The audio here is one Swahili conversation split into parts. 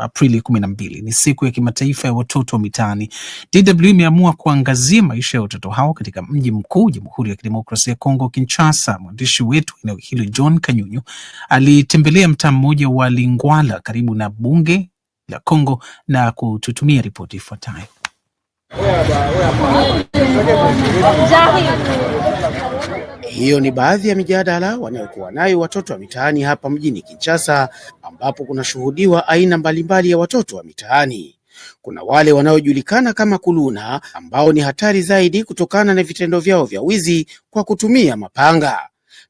Aprili kumi na mbili ni siku ya kimataifa ya watoto wa mitaani. DW imeamua kuangazia maisha ya watoto hao katika mji mkuu Jamhuri ya Kidemokrasia ya Kongo, Kinshasa. Mwandishi wetu eneo hilo John Kanyunyu alitembelea mtaa mmoja wa Lingwala karibu na bunge la Kongo na kututumia ripoti ifuatayo. Hiyo ni baadhi ya mijadala wanayokuwa nayo watoto wa mitaani hapa mjini Kinshasa, ambapo kunashuhudiwa aina mbalimbali ya watoto wa mitaani. Kuna wale wanaojulikana kama kuluna ambao ni hatari zaidi kutokana na vitendo vyao vya wizi kwa kutumia mapanga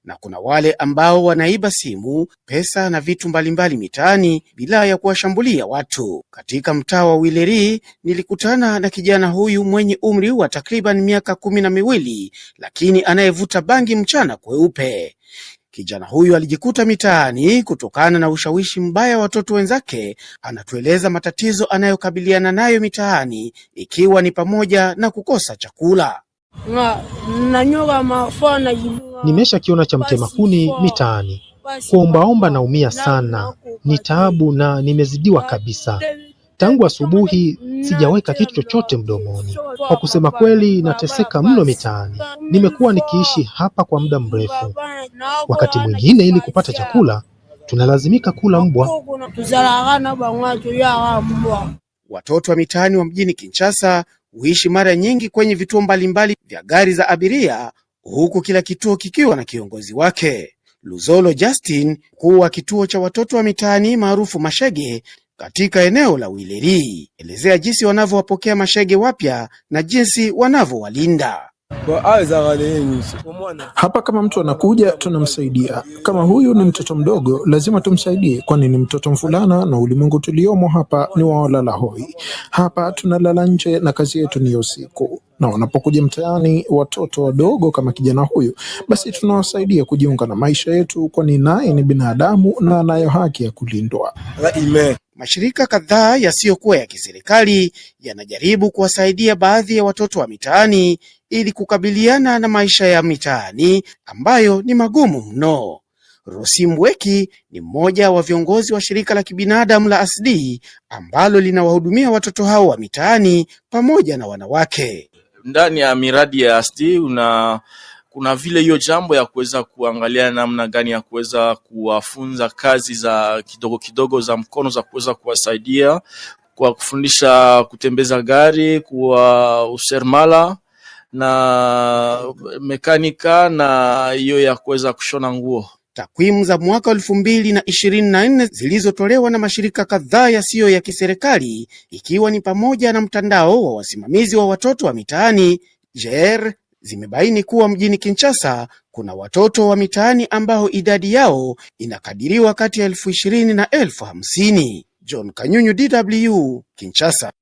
na kuna wale ambao wanaiba simu, pesa na vitu mbalimbali mitaani bila ya kuwashambulia watu. Katika mtaa wa Wileri nilikutana na kijana huyu mwenye umri wa takriban miaka kumi na miwili, lakini anayevuta bangi mchana kweupe. Kijana huyu alijikuta mitaani kutokana na ushawishi mbaya wa watoto wenzake. Anatueleza matatizo anayokabiliana nayo mitaani, ikiwa ni pamoja na kukosa chakula na, na nimesha kiona cha mtema kuni mitaani. Kuombaomba naumia sana, ni taabu na nimezidiwa kabisa. Tangu asubuhi sijaweka kitu chochote mdomoni. Kwa kusema kweli, nateseka mno mitaani. Nimekuwa nikiishi hapa kwa muda mrefu. Wakati mwingine, ili kupata chakula, tunalazimika kula mbwa. Watoto wa mitaani wa mjini Kinshasa huishi mara nyingi kwenye vituo mbalimbali vya gari za abiria huku kila kituo kikiwa na kiongozi wake. Luzolo Justin kuwa kituo cha watoto wa mitaani maarufu mashege katika eneo la Wileri, elezea jinsi wanavyowapokea mashege wapya na jinsi wanavyowalinda. Hapa kama mtu anakuja, tunamsaidia. Kama huyu ni mtoto mdogo, lazima tumsaidie, kwani ni mtoto mfulana, na ulimwengu tuliomo hapa ni wa walala hoi. Hapa tunalala nje na kazi yetu ni usiku na wanapokuja mtaani watoto wadogo kama kijana huyu, basi tunawasaidia kujiunga na maisha yetu, kwani naye ni binadamu na anayo haki ya kulindwa. Mashirika kadhaa yasiyokuwa ya kiserikali yanajaribu kuwasaidia baadhi ya watoto wa mitaani ili kukabiliana na maisha ya mitaani ambayo ni magumu mno. Rosi Mbweki ni mmoja wa viongozi wa shirika la kibinadamu la ASD ambalo linawahudumia watoto hao wa mitaani pamoja na wanawake ndani ya miradi ya ASTI una kuna vile hiyo jambo ya kuweza kuangalia namna gani ya kuweza kuwafunza kazi za kidogo kidogo za mkono za kuweza kuwasaidia kwa kufundisha kutembeza gari, kuwa usermala na mekanika na hiyo ya kuweza kushona nguo. Takwimu za mwaka elfu mbili na ishirini na nne zilizotolewa na mashirika kadhaa yasiyo ya kiserikali ikiwa ni pamoja na mtandao wa wasimamizi wa watoto wa mitaani JER zimebaini kuwa mjini Kinshasa kuna watoto wa mitaani ambao idadi yao inakadiriwa kati ya elfu ishirini na elfu hamsini. John Kanyunyu, DW, Kinshasa.